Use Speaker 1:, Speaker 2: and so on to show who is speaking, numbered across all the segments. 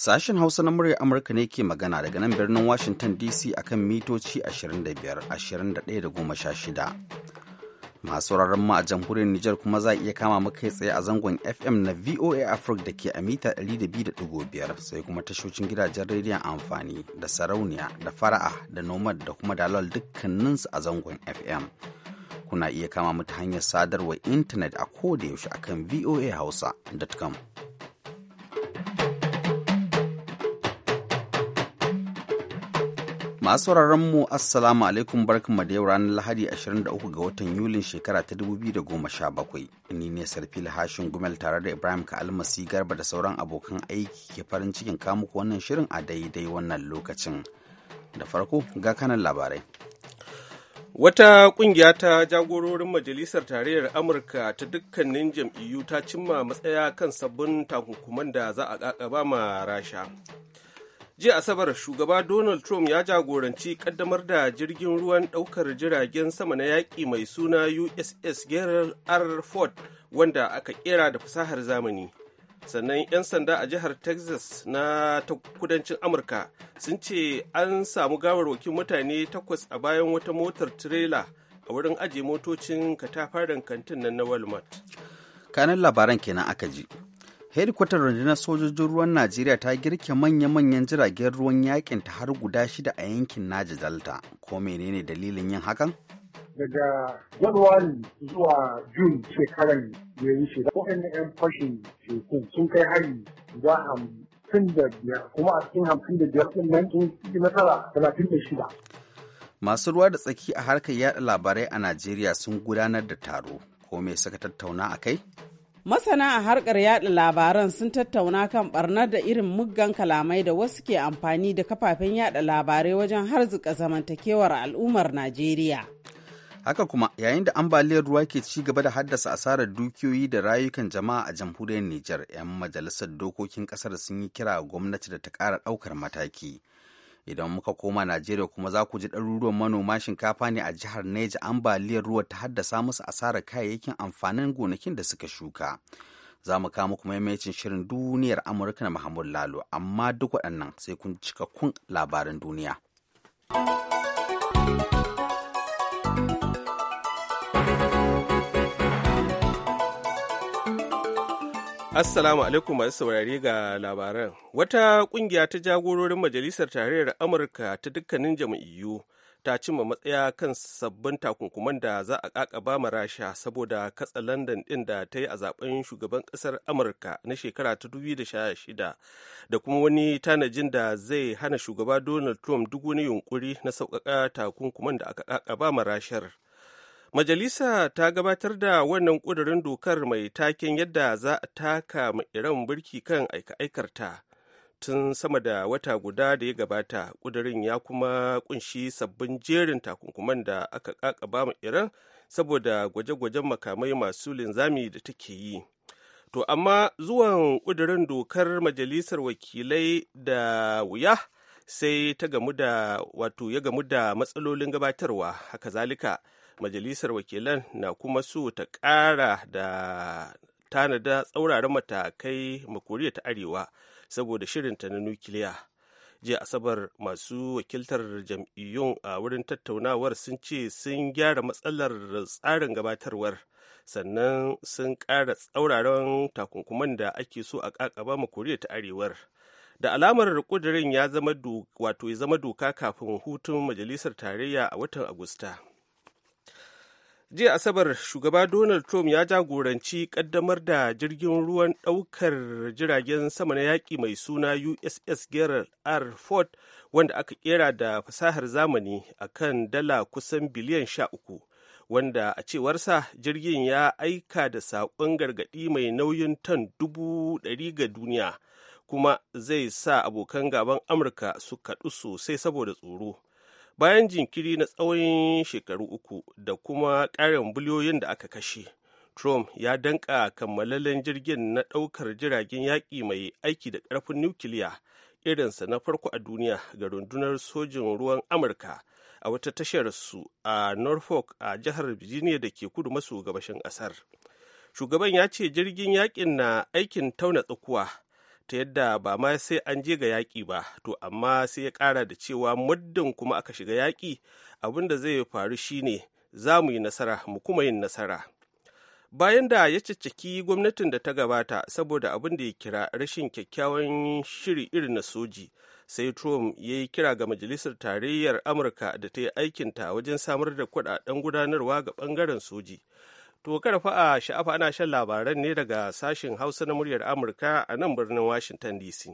Speaker 1: Sashen Hausa na muryar Amurka ne ke magana daga nan birnin Washington DC akan mitoci 25-21-16. Masu rarren ma a jamhuriyar Nijar kuma za iya kama mu kai tsaye a zangon FM na VOA Africa da ke a mita 200.5 sai kuma tashocin gidajen rediyon amfani da sarauniya da fara'a da nomad da kuma dalal dukkaninsu a zangon FM. Kuna iya kama mu hanyar sadarwar intanet a kodayaushe akan voa hausa.com. Masu sauraron mu Assalamu alaikum mu da yau ranar Lahadi 23 ga watan Yulin shekara ta 2017. Ni ne Sarfil Hashin Gumel tare da Ibrahim Ka'almasi Garba da sauran abokan aiki ke farin cikin kamuku wannan shirin a daidai wannan lokacin. Da farko ga kanan labarai.
Speaker 2: Wata ƙungiya ta jagororin Majalisar Tarayyar Amurka ta dukkanin jam'iyyu ta cimma matsaya kan sabbin takunkuman da za a ƙaƙaba ma Rasha. jiya asabar shugaba donald trump ya jagoranci kaddamar da jirgin ruwan daukar jiragen sama na yaƙi mai suna uss gerald r ford wanda aka kera da fasahar zamani sannan 'yan sanda a jihar texas na ta kudancin amurka sun ce an samu gawarwakin mutane takwas a bayan wata motar tirela a wurin ajiye motocin katafaren kantin nan na walmart
Speaker 1: kanan labaran kenan aka ji hedikwatar rundunar sojojin ruwan najeriya ta girke manya-manyan jiragen ruwan yakin ta har guda shida a yankin naji delta ko menene dalilin yin hakan
Speaker 3: daga januwari zuwa jun shekaran ya yi shida ko yan fashin shekun sun kai hari za a hamsin da biyar kuma a cikin hamsin da biyar din nan sun yi nasara talatin da shida
Speaker 1: masu ruwa da tsaki a harkar yada labarai a najeriya sun gudanar da taro ko me suka tattauna a kai
Speaker 4: Masana a harkar yada labaran sun tattauna kan barnar da irin muggan kalamai da wasu ke amfani da kafafen yada labarai wajen harzuka zamantakewar al'ummar Najeriya. Haka
Speaker 1: kuma yayin da ambaliyar ruwa ke ci gaba da haddasa asarar dukiyoyi da rayukan jama'a a jamhuriyar Nijar, 'yan majalisar dokokin kasar sun yi kira gwamnati da ta ƙara ɗaukar mataki. idan muka koma najeriya kuma za ku ji ɗaruruwan manoma shinkafa ne a jihar neja ambaliyar ruwa ta haddasa musu asarar kayayyakin amfanin gonakin da suka shuka za mu kama kuma maimacin shirin duniyar amurka na muhammadu lalo amma duk waɗannan sai kun cika kun labaran duniya.
Speaker 2: Assalamu alaikum masu saurari ga labaran. Wata kungiya ta jagororin Majalisar Tarayyar Amurka ta dukkanin jam'iyyu ta cimma matsaya kan sabbin takunkuman da za a kakaba ma rasha saboda katsa London din da ta yi a zaben shugaban kasar Amurka na shekara ta 2016 da kuma wani tanajin da zai hana shugaba Donald Trump duk wani yunkuri na sauƙaƙa takunkuman da aka kakaba ma rashar. Majalisa ta gabatar da wannan ƙudurin dokar mai taken yadda za a taka ma'iran Iran birki kan aika-aikarta tun sama da wata guda da ya gabata. Ƙudurin ya kuma kunshi sabbin jerin takunkuman da aka ƙaƙaba ma Iran saboda gwaje-gwajen makamai masu linzami da take yi. To, amma zuwan ƙudurin dokar majalisar wakilai da wuya sai ta gamu da wato ya gamu da matsalolin gabatarwa haka zalika majalisar wakilan na kuma so ta ƙara da tanada tsauraran matakai makoriya ta arewa saboda shirinta na nukiliya jiya asabar masu wakiltar jam'iyyun a wurin tattaunawar sun ce sun gyara matsalar tsarin gabatarwar sannan sun ƙara tsauraran takunkuman da ake so a kakaba ma ta arewar da alamar kudirin ya wato ya zama doka kafin hutun majalisar tarayya a watan agusta jiya asabar shugaba donald trump ya jagoranci kaddamar da jirgin ruwan daukar jiragen sama na yaƙi mai suna uss gerald r ford wanda aka kera da fasahar zamani a kan dala kusan biliyan sha uku wanda a cewarsa jirgin ya aika da saƙon gargaɗi mai nauyin tan dubu ɗari ga duniya kuma zai sa abokan gaban amurka su kaɗu sosai saboda tsoro bayan jinkiri na tsawon shekaru uku da kuma ƙarin biliyoyin da aka kashe trump ya danka kammalalen jirgin na ɗaukar jiragen yaƙi mai aiki da ƙarfin nukiliya irinsa na farko a duniya ga rundunar sojin ruwan amurka a wata tashar su a norfolk a jihar virginia da ke kudu maso gabashin ƙasar shugaban ya ce jirgin yaƙin na aikin tauna tsakuwa ta yadda ba ma sai an je ga yaƙi ba to amma sai ya ƙara da cewa muddin kuma aka shiga yaƙi abin da zai faru shine za mu yi nasara mu kuma yin nasara bayan da ya cicciki gwamnatin da ta gabata saboda abin da ya kira rashin kyakkyawan shiri irin na soji sai trump ya yi kira ga majalisar tarayyar amurka da ta yi aikinta wajen samar da kudaden gudanarwa ga bangaren soji To karfa a sha'afa ana shan labaran ne daga sashen Hausa na muryar Amurka a nan birnin Washington DC.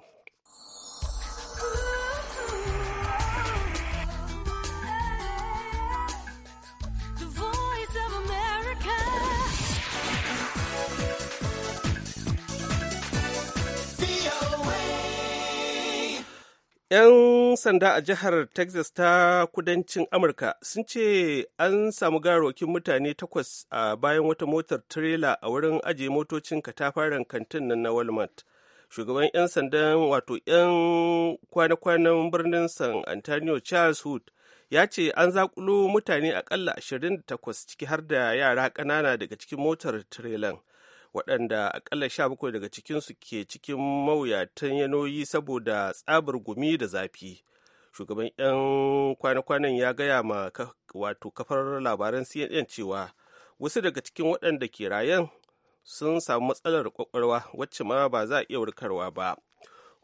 Speaker 2: 'Yan sanda a jihar Texas ta kudancin Amurka sun ce an samu garokin mutane takwas a bayan wata motar tirela a wurin ajiye motocin katafaren kantin nan na Walmart. Shugaban 'yan sandan wato 'yan kwana-kwanan birnin San Antonio Charles Hood ya ce an zakulo mutane akalla 28 ciki har da yara ƙanana daga cikin motar tirelan. waɗanda akalla sha bakwai daga cikinsu ke cikin mawuyatan yanoyi saboda tsabar gumi da zafi shugaban 'yan kwana-kwanan ya gaya ma wato kafar labaran cnn cewa wasu daga cikin waɗanda ke rayan sun samu matsalar kwakwalwa wacce ma ba za a iya warkarwa ba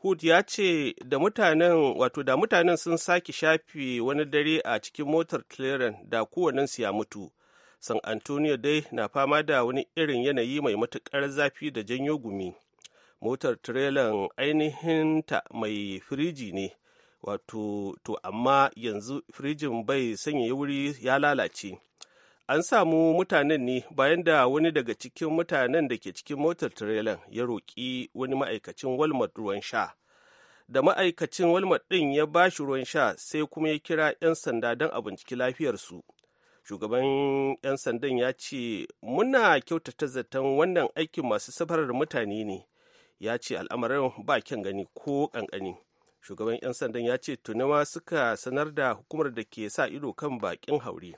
Speaker 2: Hood ya ce da mutanen wato da mutanen sun sake shafe wani dare a cikin motar Claren da kowannen ya mutu san antonio dai na fama da wani irin yanayi mai matuƙar zafi da janyo gumi motar tirelan ta mai firiji ne wato to amma yanzu firijin bai sanya wuri ya lalace an samu mutanen ne bayan da wani daga cikin mutanen da ke cikin motar tirelan ya roƙi wani ma'aikacin walmart ruwan sha da ma'aikacin walmart ɗin ya bashi ruwan sha sai kuma ya kira 'yan sanda don a binciki lafiyarsu shugaban 'yan sandan ya ce muna kyautata zaton wannan aikin masu safarar mutane ne ya ce al'amarin ba kyan gani ko kankani shugaban 'yan sandan ya ce tunawa suka sanar da hukumar da ke sa ido kan baƙin haure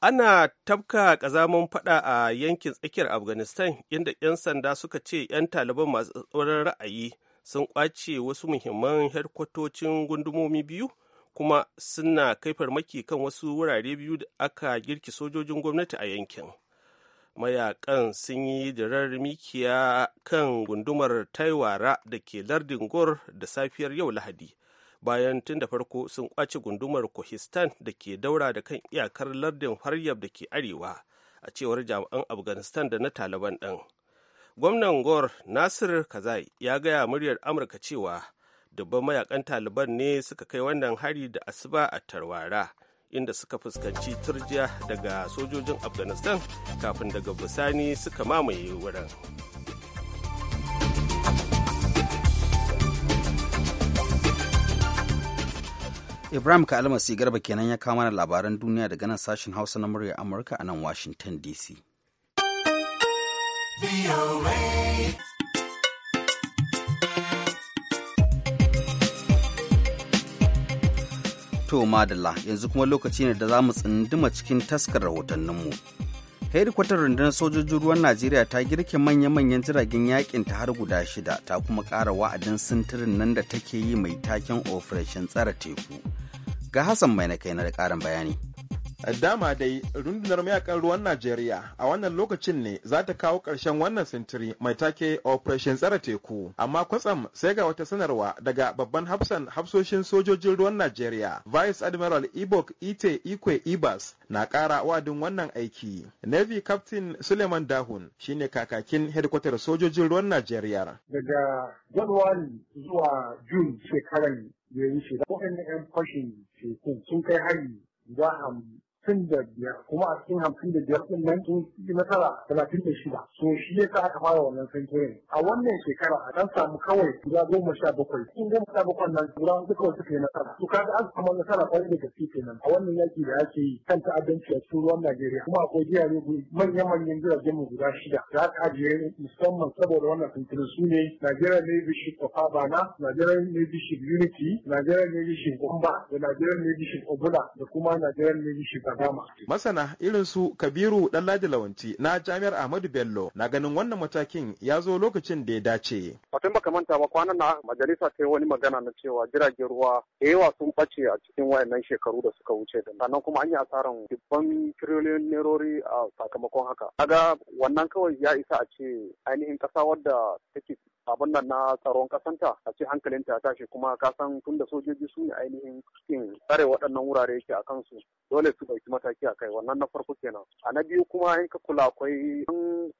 Speaker 2: ana tafka kazaman fada a yankin tsakiyar afghanistan inda 'yan sanda suka ce 'yan taliban masu tsoron ra'ayi sun ƙwace wasu muhimman herkwatocin gundumomi biyu kuma suna kai farmaki kan wasu wurare biyu da aka girki sojojin gwamnati a yankin mayakan sun yi dirar mikiya kan gundumar taiwara da ke lardin gor da safiyar yau lahadi bayan tun da farko sun kwace gundumar kohistan da ke daura da kan iyakar lardin faryab da ke arewa a cewar jami'an afghanistan da na taliban ɗin gwamnan gor nasir kazai ya gaya muryar amurka cewa dubban mayakan taliban ne suka kai wannan hari da asuba a tarwara inda suka fuskanci turjiya daga sojojin afghanistan kafin daga bisani suka mamaye wurin
Speaker 1: ibrahim ka almasi garba kenan ya kawo mana labaran duniya daga nan sashen hausa na murya amurka a nan washington dc To Madalla yanzu kuma lokaci ne da za mu tsinduma cikin taskar rahotanninmu. Hedikwatar rundunar sojojin ruwan Najeriya ta girke manya-manyan jiragen yakin ta har guda shida ta kuma ƙara wa'adin sintirin nan da take yi mai taken Operation Tsara Teku. Ga Hassan mai na kai na da ƙarin bayani. Dama dai
Speaker 5: rundunar mayakan ruwan Najeriya a wannan lokacin ne za ta kawo ƙarshen wannan sintiri mai take Operation Tsare Teku. Amma kwatsam sai ga wata sanarwa daga babban hafsan hafsoshin sojojin ruwan Najeriya Vice Admiral Ibok Ite Ikwe Ibas na ƙara wa'adin wannan aiki. Navy Captain Suleiman Dahun shine kakakin hedkwatar sojojin ruwan Najeriya.
Speaker 3: Daga Januwari zuwa Jun shekaran da ya yi 'yan fashin teku sun kai hari za a hamsin da biyar kuma a cikin hamsin da biyar ɗin nan sun yi nasara talatin da shida so shi ya sa aka fara wannan sankiyoyin a wannan shekara a kan samu kawai guda goma sha bakwai cikin goma sha bakwai nan guda hudu kawai suka yi nasara to kaga an samu nasara kwarai da gaske kenan a wannan yaki da ake yi kan ta'addanci a cikin ruwan Najeriya kuma akwai jirage manya-manyan jiragen mu guda shida da aka ajiye musamman saboda wannan sankiyoyin su ne Najeriya Navy Ship of Habana, Najeriya Navy Ship Unity, Najeriya Navy Ship Gumba da Najeriya ne Ship Obula da kuma Najeriya Navy Ship
Speaker 5: Masana irin su Kabiru dan Lawanci na Jami'ar Ahmadu Bello na ganin wannan matakin ya zo lokacin da ya dace.
Speaker 3: Wata baka manta ba kwanan na majalisa ta yi wani magana na cewa jiragen ruwa da yawa sun ɓace a cikin wayannan shekaru da suka wuce da sannan kuma an yi asarar dubban tiriliyon nerori a sakamakon haka. Kaga wannan kawai ya isa a ce ainihin ƙasa wadda take abin nan na tsaron kasanta a ce hankalin ta tashi kuma ka san tun sojoji su ne ainihin cikin tsare waɗannan wurare yake a kansu dole su ɗauki mataki a kai wannan na farko kenan a na biyu kuma in ka kula akwai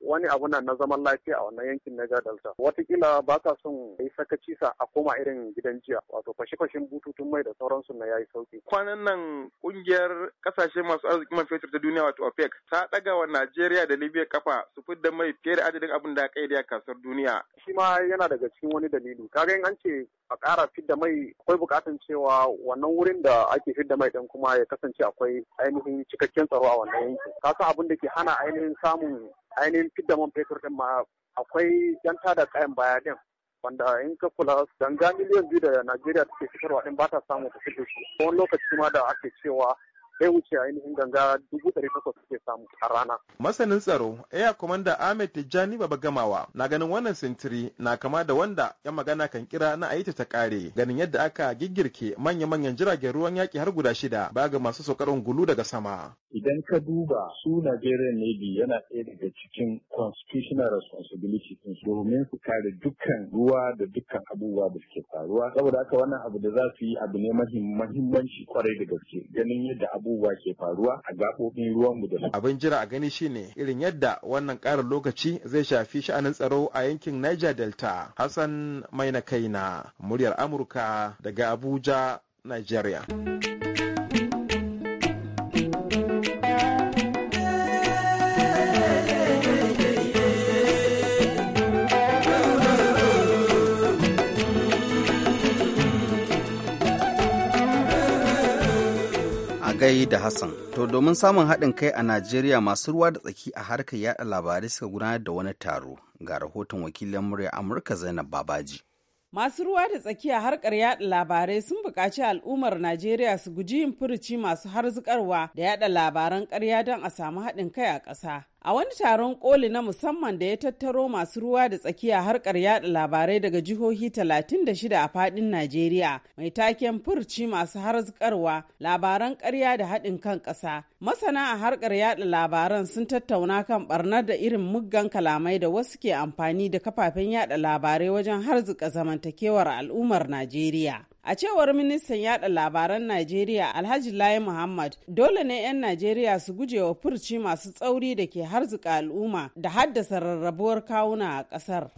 Speaker 3: wani abu nan na zaman lafiya a wannan yankin na Delta watakila ba ka son yi sakaci sa a koma irin gidan jiya wato fashe-fashen bututun mai da sauransu na yayi sauki
Speaker 5: kwanan nan kungiyar kasashe masu arzikin man fetur ta duniya wato OPEC ta ɗaga wa Najeriya da Libya kafa su fidda mai fiye da adadin abin da ya kai
Speaker 3: da duniya shi ma yana daga cikin wani dalilu kaga in an ce a ƙara fidda mai akwai buƙatan cewa wannan wurin da ake fidda mai ɗin kuma ya kasance akwai ainihin cikakken tsaro a wannan yankin kasa abin da ke hana ainihin samun ainihin fidda man fetur ɗin ma akwai yan tada kayan baya ɗin wanda in ka kula ganga miliyan biyu da Najeriya take fitarwa ɗin ba ta samu ta fito shi wani lokaci ma da ake cewa bai wuce ainihin ganga dubu ɗari takwas suke samu a rana.
Speaker 5: Masanin tsaro Air Commander Ahmed Tijjani Baba Gamawa na ganin wannan sintiri na kama da wanda ya magana kan kira na aita ta kare ganin yadda aka giggirke manya-manyan jiragen ruwan yaƙi har guda shida ba ga masu saukar gulu daga sama.
Speaker 3: Idan ka duba su Nigerian Navy yana ɗaya daga cikin constitutional responsibility domin su kare dukkan ruwa da dukkan abubuwa da suke faruwa saboda haka wannan abu da za su yi abu ne mahimmanci kwarai da gaske ganin yadda abubuwa ke faruwa a gaɓoɓin ruwanmu da
Speaker 5: abin jira a gani shine irin yadda wannan ƙarin lokaci zai shafi sha'anin tsaro a yankin niger delta hassan Maina kaina muryar amurka daga abuja nigeria
Speaker 1: gai da Hassan. To domin samun haɗin kai a Najeriya masu ruwa da tsaki a harkar yaɗa labarai suka gudanar da wani taro ga rahoton wakilin murya Amurka Zainab Babaji.
Speaker 4: Masu ruwa da tsaki a harkar yaɗa labarai sun buƙaci al'ummar Najeriya su guji yin furuci masu harzikarwa da yaɗa labaran ƙarya don a samu haɗin kai a ƙasa. a wani taron koli na musamman da ya tattaro masu ruwa da tsakiya harkar yada labarai daga jihohi 36 a fadin najeriya mai taken furci masu harzikarwa labaran karya da haɗin kan ƙasa masana a harkar yada labaran sun tattauna kan barnar da irin muggan kalamai da wasu ke amfani da kafafen yada labarai wajen harzika zamantakewar al'ummar najeriya A cewar ministan yada labaran Najeriya Alhaji Lai Muhammad, dole ne 'yan Najeriya su guje wa furci masu tsauri da ke harzika al'umma da haddasa rarrabuwar kawuna a ƙasar.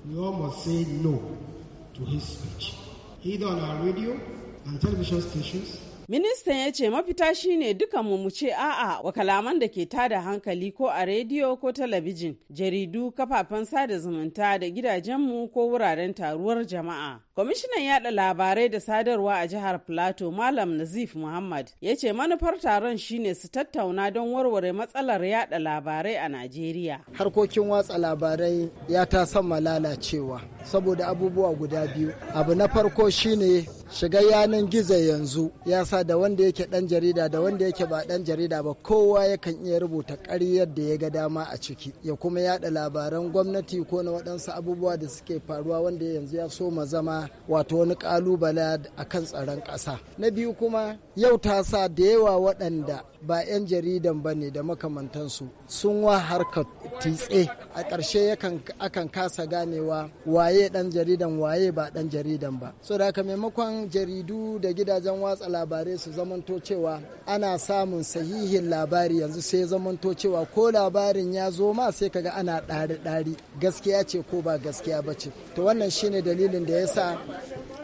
Speaker 4: ministan ya ce mafita shine dukanmu mu ce a'a wa kalaman da ke tada hankali ko a rediyo ko talabijin jaridu kafafen sada zumunta da gidajenmu ko wuraren taruwar jama'a Kwamishinan yada labarai da sadarwa a jihar Plateau Malam Nazif Muhammad ya ce manufar taron shine su tattauna don warware matsalar yada labarai a Najeriya.
Speaker 6: Harkokin watsa labarai ya ta sama lalacewa saboda abubuwa guda biyu. Abu na farko shine shiga yanan gizo yanzu ya sa da wanda yake dan jarida da wanda yake ba dan jarida ba kowa yakan iya rubuta ƙari da ya ga dama a ciki ya kuma yada labaran gwamnati ko na waɗansu abubuwa da suke faruwa wanda yanzu ya so ma zama wato wani kalubale kan tsaron ƙasa na biyu kuma yau ta sa da yawa waɗanda ba 'yan jaridan ba ne da makamantansu sun wa harka titse a ƙarshe akan kasa ganewa waye ɗan jaridan waye ba ɗan jaridan ba so da haka maimakon jaridu da gidajen watsa labarai su zamanto cewa ana samun sahihin labari yanzu sai zamanto cewa ko labarin ya zo ma sai kaga ana ɗari-ɗari gaskiya ce ko ba gaskiya ba ce to wannan shine dalilin da ya sa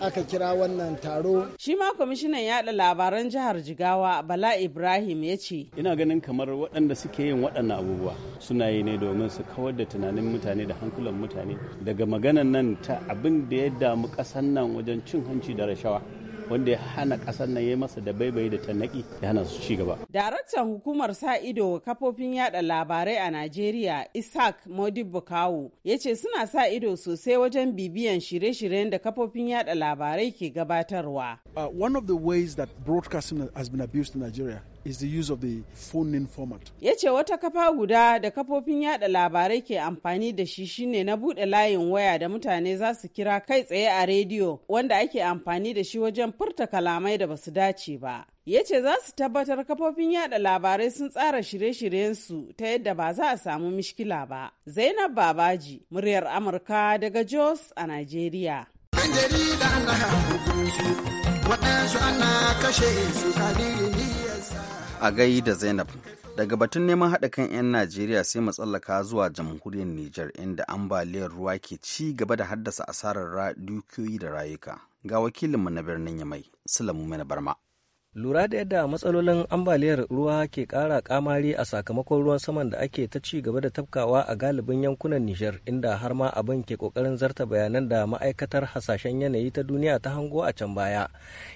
Speaker 6: aka kira wannan taro. Shi ma
Speaker 4: kwamishinan yaɗa labaran jihar Jigawa Bala Ibrahim ya ce. Ina ganin kamar waɗanda
Speaker 2: suke yin waɗannan abubuwa suna yi ne domin su kawar da tunanin mutane da hankulan mutane daga maganan nan ta abin da ya damu ƙasan nan wajen cin hanci da rashawa. wanda ya
Speaker 7: hana kasar nan ya masa da baibaye da naki ya hana su ci gaba.
Speaker 4: Daraktan hukumar sa ido kafofin yada labarai a Najeriya Isaac Modibo Bukawu, ya ce suna sa ido sosai wajen bibiyan shirye-shiryen da kafofin yada labarai ke gabatarwa. Uh, one
Speaker 5: of the ways that broadcasting has been abused in Nigeria is the use of the phone in format.
Speaker 4: Ya wata kafa guda da kafofin yada labarai ke amfani da shi shine na buɗe layin waya da mutane za su kira kai tsaye a rediyo wanda ake amfani da shi wajen furta kalamai da basu dace ba. yace ce za su tabbatar kafofin yada labarai sun tsara shirye shiryen su ta yadda ba za a samu mishkila ba. Zainab Babaji, muryar Amurka daga Jos a Najeriya. Wadansu
Speaker 6: ana kashe su
Speaker 1: a gai da zainab daga batun neman haɗa kan 'yan najeriya sai mu zuwa jamhuriyar nijar inda ambaliyar ruwa ke ci gaba da haddasa asarar dukiyoyi da rayuka ga wakilinmu na birnin yamai sulamu mana barma
Speaker 8: lura da yadda matsalolin ambaliyar ruwa ke ƙara kamari a sakamakon ruwan saman da ake ta ci gaba da tafkawa a galibin yankunan nijar inda har ma abin ke ƙoƙarin zarta bayanan da ma'aikatar hasashen yanayi ta duniya ta hango a can baya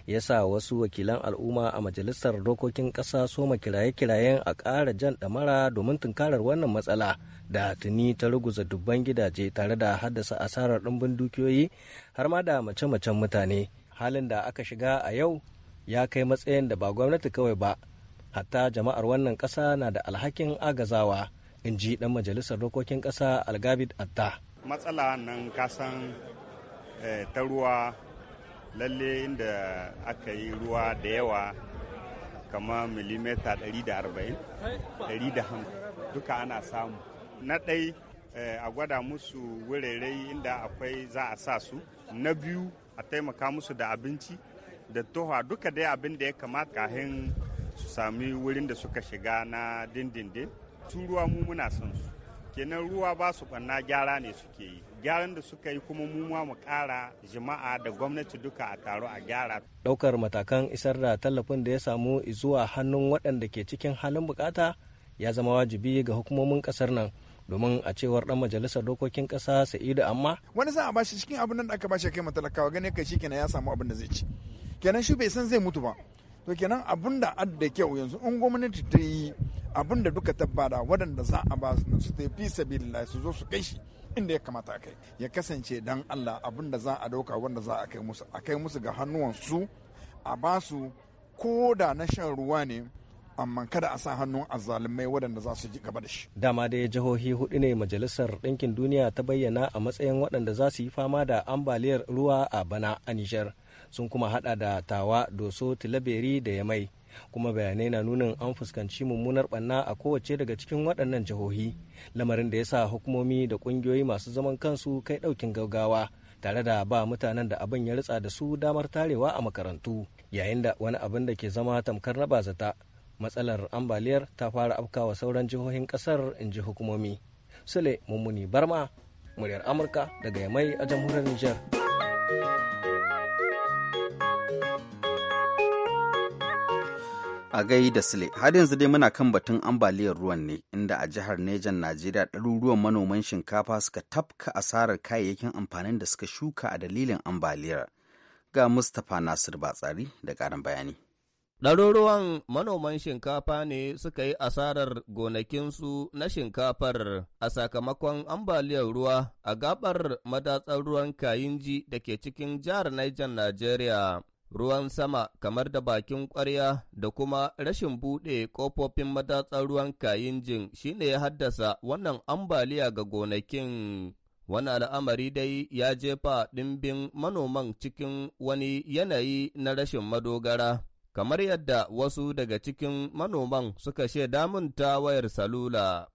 Speaker 8: ya sa wasu wakilan al'umma a majalisar dokokin ƙasa soma kiraye-kirayen a ƙara jan ɗamara domin tunkarar wannan matsala da tuni ta ruguza dubban gidaje tare da haddasa asarar ɗumbin dukiyoyi har ma da mace-macen mutane halin da aka shiga a yau ya kai matsayin da ba gwamnati kawai ba hatta jama'ar wannan ƙasa na da alhakin agazawa in ji ɗan majalisar dokokin ƙasa algabid atta
Speaker 9: matsala nan kasan eh, ta ruwa lalle inda aka yi ruwa da yawa kama milimeta 140 150 duka ana samu na ɗai eh, a gwada musu wurare inda akwai za a sa su na biyu a taimaka musu da abinci da toha duka dai abin da ya kamata kahin su sami wurin da suka shiga na dindindin turuwa ruwa mu muna son su kenan ruwa ba su banna gyara ne suke yi gyaran da suka yi kuma mu ma mu kara jama'a da gwamnati duka a taro a gyara
Speaker 8: ɗaukar matakan isar da tallafin da ya samu zuwa hannun waɗanda ke cikin halin bukata ya zama wajibi ga hukumomin ƙasar nan domin a cewar dan majalisar dokokin kasa sa'idu amma
Speaker 9: wani za a bashi cikin abin nan da aka bashi kai matalakawa gane kai kenan ya samu abin da zai ci kenan shi bai san zai mutu ba to kenan abin da adda kyau yanzu in gwamnati ta yi abin da duka tabbada waɗanda za a ba su su tafi sabilillah su zo su kai shi inda ya kamata a kai ya kasance dan Allah abin da za a dauka wanda za a kai musu a kai musu ga hannuwan su a ba su ko da na shan ruwa ne amma kada a sa hannun azzalumai waɗanda
Speaker 3: za su ji gaba da shi.
Speaker 8: Dama dai jihohi hudu ne Majalisar Ɗinkin Duniya ta bayyana a matsayin waɗanda za su yi fama da ambaliyar ruwa a bana a Nijar. Sun kuma haɗa da Tawa, Doso, Tilaberi da Yamai. Kuma bayanai na nunin an fuskanci mummunar ɓanna a kowace daga cikin waɗannan jihohi. Lamarin da ya sa hukumomi da ƙungiyoyi masu zaman kansu kai ɗaukin gaggawa. tare da ba mutanen da abin ya ritsa da su damar tarewa a makarantu yayin da wani abin da ke zama tamkar na bazata matsalar ambaliyar ta fara afkawa sauran jihohin kasar in ji hukumomi sule mummuni barma muryar amurka daga yamai a jamhuriyar niger
Speaker 1: a gai da sule har yanzu dai muna kan batun ambaliyar ruwan ne inda a jihar nejan najeriya ɗaruruwan manoman shinkafa suka tafka asarar kayayyakin amfanin da suka shuka a dalilin ambaliyar ga mustapha nasir batsari da
Speaker 7: ƙarin bayani Ɗaruruwan manoman shinkafa ne suka yi asarar gonakinsu na shinkafar a sakamakon ambaliyar ruwa a gabar madatsar ruwan Kayinji da ke cikin jihar Niger Najeriya. Ruwan sama kamar da bakin ƙwarya da kuma rashin buɗe ƙofofin madatsar ruwan Kayinjin shine ya haddasa wannan ambaliya ga gonakin. Wani al'amari dai ya jefa ɗimbin manoman cikin wani yanayi na rashin madogara. kamar yadda wasu daga cikin manoman suka shaida damun ta wayar salula.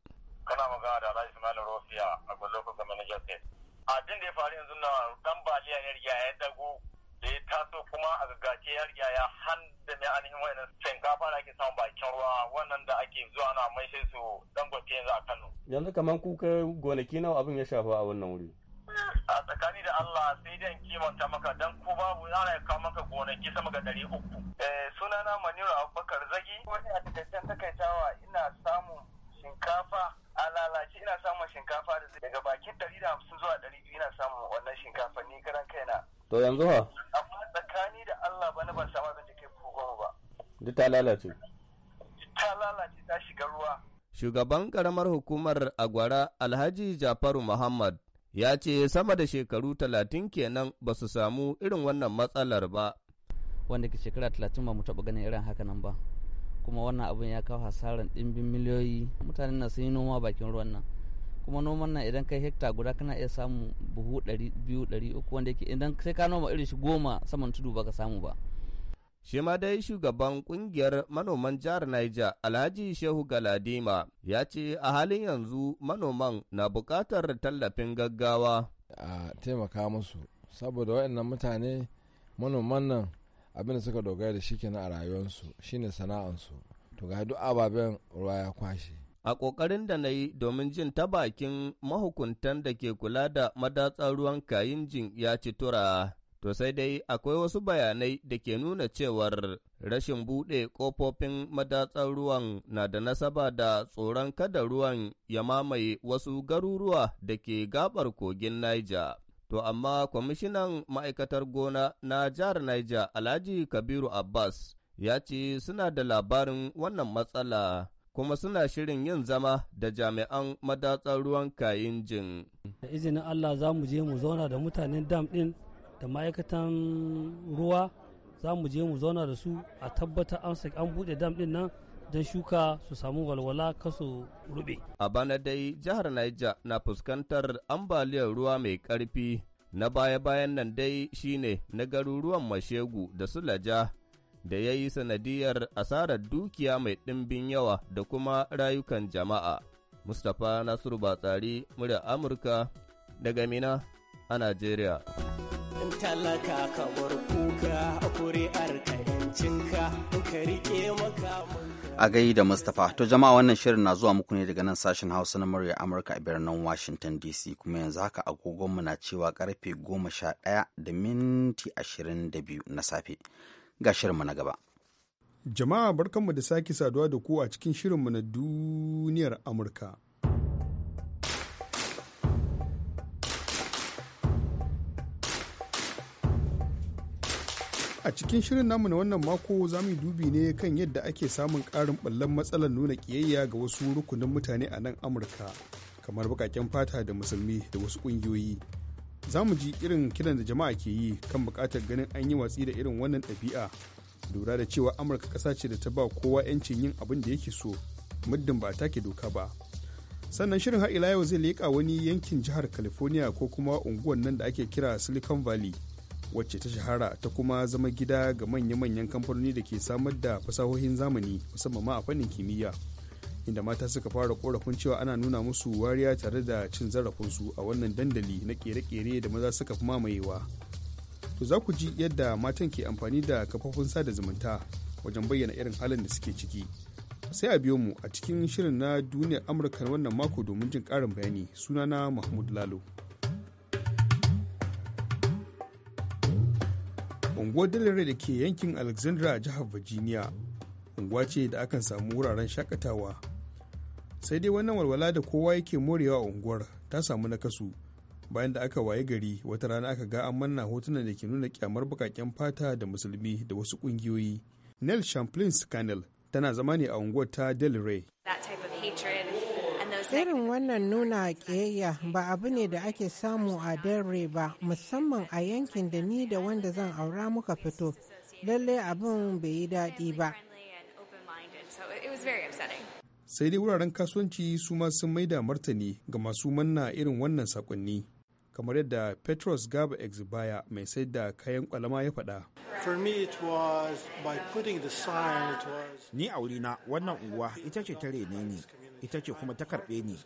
Speaker 7: Kana magana da Alhaji Ismail Rofiya a na Manager a jin da ya faru yanzu na dan baliya ya riga ya dago da ya taso kuma a gaggace ya riga ya da mai ainihin wayannan shinkafa da ake samun bakin ruwa wannan da ake zuwa na mai sai su dangote yanzu a Kano. Yanzu kamar kuka gonaki nawa abin ya shafa a wannan wuri. a tsakani da Allah sai dai kimanta maka dan ko babu ana kawo maka gonaki sama ga ɗari uku. Eh, sunana Maniru Abubakar Zagi wani a takaicen takaitawa ina samun shinkafa a lalace ina samun shinkafa da daga bakin ɗari da hamsin zuwa ɗari biyu ina samun wannan shinkafa ni karan kaina. To yanzu ha? Amma tsakani da Allah bana ban samu abin da kai goma ba. Duk ta lalace. Ta lalace ta shiga ruwa. Shugaban ƙaramar hukumar Agwara Alhaji Jafaru Muhammad ya ce sama da shekaru talatin kenan ba su samu irin wannan matsalar ba. Wanda ke shekara
Speaker 1: talatin ba mu taɓa ganin irin haka nan ba. Kuma wannan abin ya kawo hasarar ɗimbin miliyoyi. Mutanen na sun yi noma bakin ruwan nan. Kuma noman nan idan kai hekta guda kana iya samun buhu
Speaker 7: ɗari biyu ɗari uku wanda yake idan sai ka noma irin shi goma saman tudu ba ka samu ba. Shi ma dai shugaban kungiyar manoman jihar Niger Alhaji Shehu Galadima ya ce a halin yanzu manoman na bukatar tallafin gaggawa. A taimaka musu saboda waɗannan mutane manoman nan abin da suka dogara
Speaker 5: da shi kenan a rayuwarsu shine sana'ansu to ga duk ababen ruwa ya kwashe.
Speaker 7: a ƙoƙarin da na yi domin jin ta bakin mahukuntan da ke kula da madatsar ruwan kayin jin ya ci tura To sai dai akwai wasu bayanai da ke nuna cewar rashin buɗe ƙofofin madatsar ruwan na da nasaba da tsoron kada ruwan ya mamaye wasu garuruwa da ke gabar kogin Niger. To amma kwamishinan ma'aikatar gona na jihar Niger Alhaji Kabiru Abbas ya ce suna da labarin wannan matsala. kuma suna shirin yin zama da jami'an madatsar ruwan kayin jin.
Speaker 8: Da izinin Allah za mu je mu zauna da mutanen dam ɗin da ma'aikatan ruwa za mu je mu zauna da su a tabbatar an an buɗe dam ɗin nan don shuka su samu walwala kasu rube.
Speaker 7: A bana dai jihar Niger na fuskantar ambaliyar ruwa mai karfi na baya-bayan nan dai shine na garuruwan Mashegu da Sulaja da ya yi sanadiyar asarar dukiya mai ɗimbin yawa da kuma rayukan jama'a. Mustapha Nasiru Batsari, murya Amurka, daga Mina a Najeriya. talaka ka bar kuka kuri'ar ka yancinka ka rike
Speaker 1: a gai da Mustapha. To jama'a wannan shirin na zuwa muku ne daga nan sashen Hausa na murya Amurka a birnin Washington DC kuma yanzu haka agogonmu na cewa karfe goma sha ɗaya da minti 22 na safe. Ga shirinmu
Speaker 9: na gaba. Jama'a barkanmu da sake saduwa da ku a cikin shirinmu na duniyar Amurka. a cikin shirin namu na wannan mako za mu yi dubi ne kan yadda ake samun ƙarin ɓallon matsalar nuna ƙiyayya ga wasu rukunin mutane a nan amurka kamar baƙaƙen fata da musulmi da wasu ƙungiyoyi za mu ji irin kiran da jama'a ke yi kan buƙatar ganin an yi watsi da irin wannan ɗabi'a lura da cewa amurka ƙasa ce da ta ba kowa 'yancin yin abin da yake so muddin ba a take doka ba sannan shirin har ila yau zai leƙa wani yankin jihar california ko kuma unguwar nan da ake kira silicon valley wacce ta shahara ta kuma zama gida ga manya-manyan kamfanoni da ke samar da fasahohin zamani musamman ma a fannin kimiyya inda mata suka fara korafin cewa ana nuna musu wariya tare da cin zarafinsu a wannan dandali na kere-kere da maza suka fi mamayewa to za ku ji yadda matan ke amfani da kafofin sada zumunta wajen bayyana irin halin da suke ciki sai a biyo mu a cikin shirin na duniyar amurka wannan mako domin jin karin bayani sunana mahmud lalo unguwar dalilai da ke yankin alexandra a jihar virginia unguwa ce da akan samu wuraren shakatawa sai dai wannan walwala da kowa yake morewa a unguwar ta samu nakasu bayan da aka waye gari wata rana aka ga an manna hotunan da ke nuna kyamar bukaken fata da musulmi da wasu kungiyoyi nell champlain scanel tana zama ne a unguwar ta delray
Speaker 4: Irin wannan nuna ƙiyayya ba abu ne da ake samu a dare ba musamman a yankin da ni da wanda zan aura muka fito. Lallai abin bai yi daɗi ba. Sai dai wuraren
Speaker 9: kasuwanci su ma sun maida martani ga masu manna irin wannan sakonni. kamar yadda Petros Gaba Exibaya mai sai da kayan kwalama ya faɗa. Ni a wurina wannan unguwa ita ce ta ne ne ita ce kuma ta karɓe ni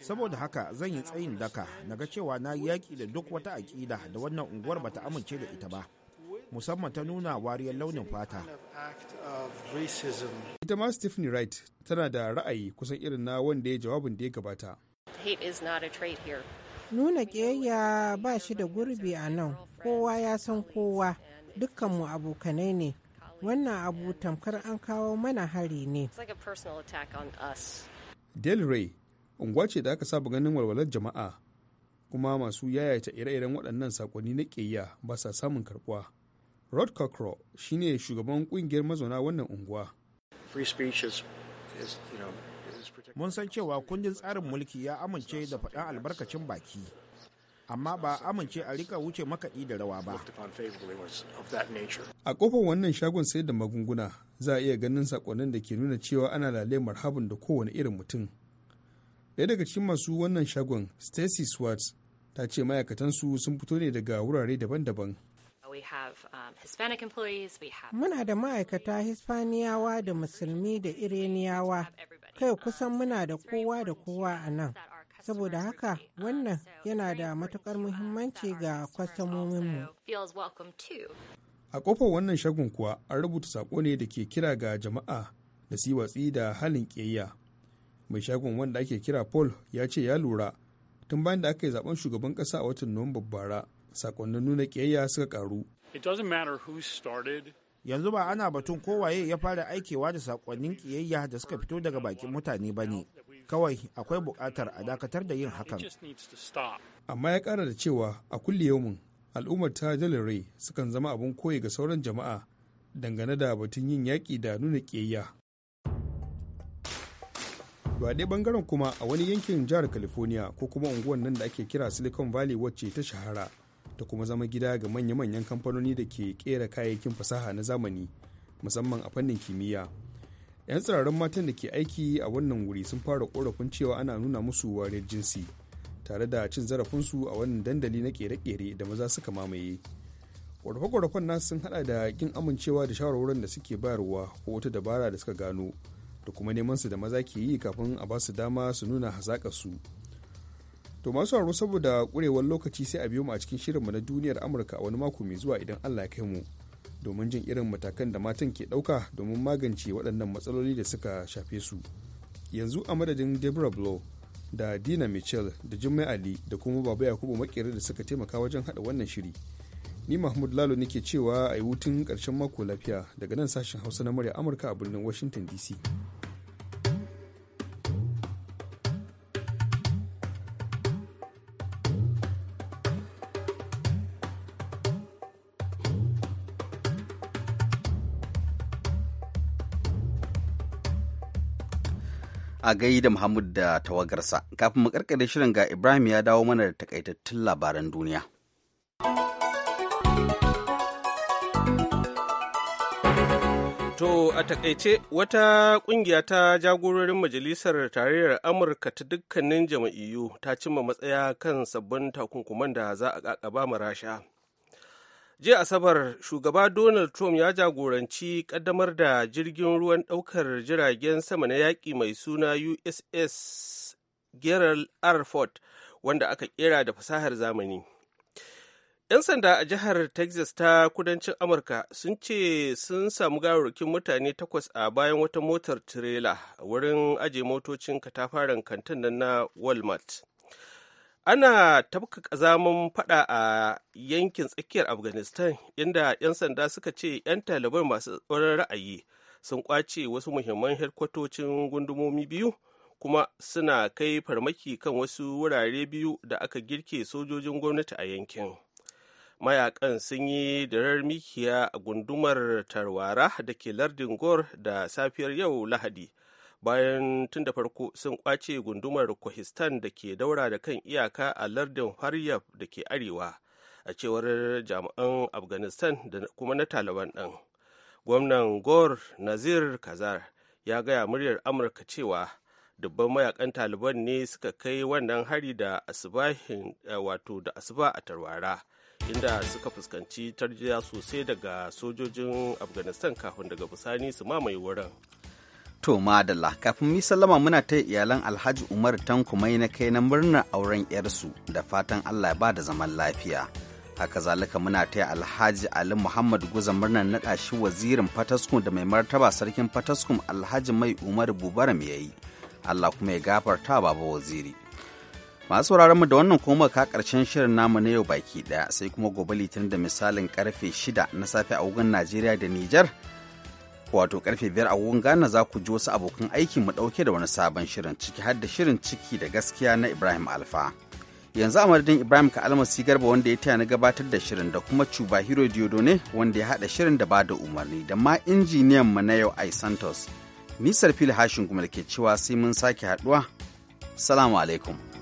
Speaker 9: saboda haka zan yi tsayin daka na ga cewa na yi yaƙi da duk wata aƙida da wannan unguwar bata amince da ita ba musamman ta nuna wariyar launin fata ita ma stephanie wright tana da ra'ayi kusan irin na wanda ya jawabin da ya gabata
Speaker 4: nuna ƙiyayya ba shi da gurbi a nan kowa ya san kowa dukkanmu abokanai ne wannan abu tamkar an kawo mana hari ne
Speaker 9: delray unguwa ce da aka saba ganin walwalar jama'a kuma masu yayata ire-iren waɗannan sakonni na ƙeya ba sa samun karɓuwa rod cockro shine shugaban ƙungiyar mazauna wannan unguwa mun san cewa kundin tsarin mulki ya amince da faɗan albarkacin baki amma ba a amince a rika wuce makaɗi da rawa ba. A kofar wannan shagon sai da magunguna za a iya ganin sakonnin da ke nuna cewa ana lalai marhabin da kowane irin mutum. daya daga cikin masu wannan shagon Stacy Swartz ta ce ma'aikatansu sun
Speaker 4: fito ne daga wurare daban-daban.
Speaker 5: Um,
Speaker 4: muna da ma'aikata Hispaniyawa da Musulmi da ireniyawa kai kusan muna da kowa da kowa a nan. saboda haka wannan yana da matukar muhimmanci ga kwastomominmu. A kofar wannan shagon kuwa an rubuta
Speaker 9: sako ne da ke kira ga jama'a da su watsi da halin ƙiyayya. Mai shagon wanda ake kira Paul ya ce ya lura tun bayan da aka yi zaben shugaban ƙasa a watan Nuwamba bara sakonnin nuna ƙiyayya suka ƙaru. Yanzu ba ana batun kowaye ya fara aikewa da sakonnin ƙiyayya da suka fito daga bakin mutane ba ne. kawai akwai bukatar a dakatar da yin hakan amma ya kara da cewa a kulle yaumin al'ummar ta jalare sukan zama abin koyi ga sauran jama'a dangane da batun yin yaƙi da nuna ƙiyayya ba dai bangaren kuma a wani yankin jihar california ko kuma unguwan nan da ake kira silicon valley wacce ta shahara ta kuma zama gida ga manya-manyan kamfanoni da ke kera kayayyakin fasaha na zamani musamman a fannin kimiyya 'yan tsirarin matan da ke aiki a wannan wuri sun fara korafin cewa ana nuna musu wariyar jinsi tare da cin zarafinsu a wannan dandali na kere-kere da maza suka mamaye ƙorafe-ƙorafen nasu sun hada da kin amincewa da shawarwarin da suke bayarwa ko wata dabara da suka gano da kuma neman su da maza ke yi kafin a ba su dama su nuna su to masu haro saboda ƙurewar lokaci sai a biyo mu a cikin shirinmu na duniyar amurka a wani mako mai zuwa idan allah ya kai mu domin jin irin matakan da matan ke ɗauka domin magance waɗannan matsaloli da suka shafe su yanzu a madadin deborah blow da dina mitchell da jimmy ali da kuma baba yakubu makere da suka taimaka wajen haɗa wannan shiri ni mahmud lalo nake cewa a yi hutun ƙarshen mako lafiya daga nan sashen hausa na murya amurka a birnin washington dc
Speaker 1: a gaida Muhammad da tawagarsa. Kafin mu karkare shirin ga Ibrahim ya dawo mana da takaitattun labaran duniya.
Speaker 2: To a takaice wata kungiya ta jagororin majalisar tarayyar Amurka ta dukkanin jama'iyyu ta cimma matsaya kan sabbin takunkuman da za a kakaba ma rasha. jiya asabar shugaba donald trump ya jagoranci kaddamar da jirgin ruwan daukar jiragen sama na yaƙi mai suna uss gerald r ford wanda aka kera da fasahar zamani 'yan sanda a jihar texas ta kudancin amurka sun ce sun samu gawarwakin mutane takwas a bayan wata motar tirela wurin aje motocin katafaren kantin na walmart ana tafka kazamin fada a yankin tsakiyar afghanistan inda 'yan sanda suka ce 'yan taliban masu tsoron ra'ayi sun kwace wasu muhimman herkwatocin gundumomi biyu kuma suna kai farmaki kan wasu wurare biyu da aka girke sojojin gwamnati a yankin mayakan sun yi darar mikiya a gundumar tarwara da ke lardin gor da safiyar yau lahadi bayan tun da farko sun kwace gundumar kohistan da ke daura da kan iyaka a lardin faryab da ke arewa a cewar jami'an afghanistan da kuma na taliban ɗin gwamnan gor nazir kazar ya gaya muryar amurka cewa dubban mayakan taliban ne suka kai wannan hari da asibahin eh, wato da asuba a tarwara inda suka fuskanci tarjiya sosai daga sojojin afghanistan kafin daga bisani su mamaye wurin
Speaker 1: To madalla kafin mi sallama muna ta iyalan Alhaji Umar Tankumai na kai na murnar auren yarsu da fatan Allah ya bada zaman lafiya. Haka zalika muna ta Alhaji Ali Muhammad Guza murnar naɗa shi wazirin Fataskum da mai martaba sarkin Fataskum Alhaji Mai Umar Bubaram ya yi. Allah kuma ya gafarta baba waziri. Masu mu da wannan kuma ka karshen shirin namu na yau baki ɗaya sai kuma gobe litinin da misalin karfe shida na safe a wugan Najeriya da Nijar. wato karfe biyar agogon Ghana za ku ji wasu abokan aiki mu ɗauke da wani sabon shirin ciki har da shirin ciki da gaskiya na Ibrahim Alfa. Yanzu a madadin Ibrahim ka almasi garba wanda ya taya na gabatar da shirin da kuma Cuba Hero ne wanda ya haɗa shirin da ba da umarni da ma injiniyan mu na yau Ai Santos. Nisar fili hashin kuma da ke cewa sai mun sake haɗuwa. Salamu alaikum.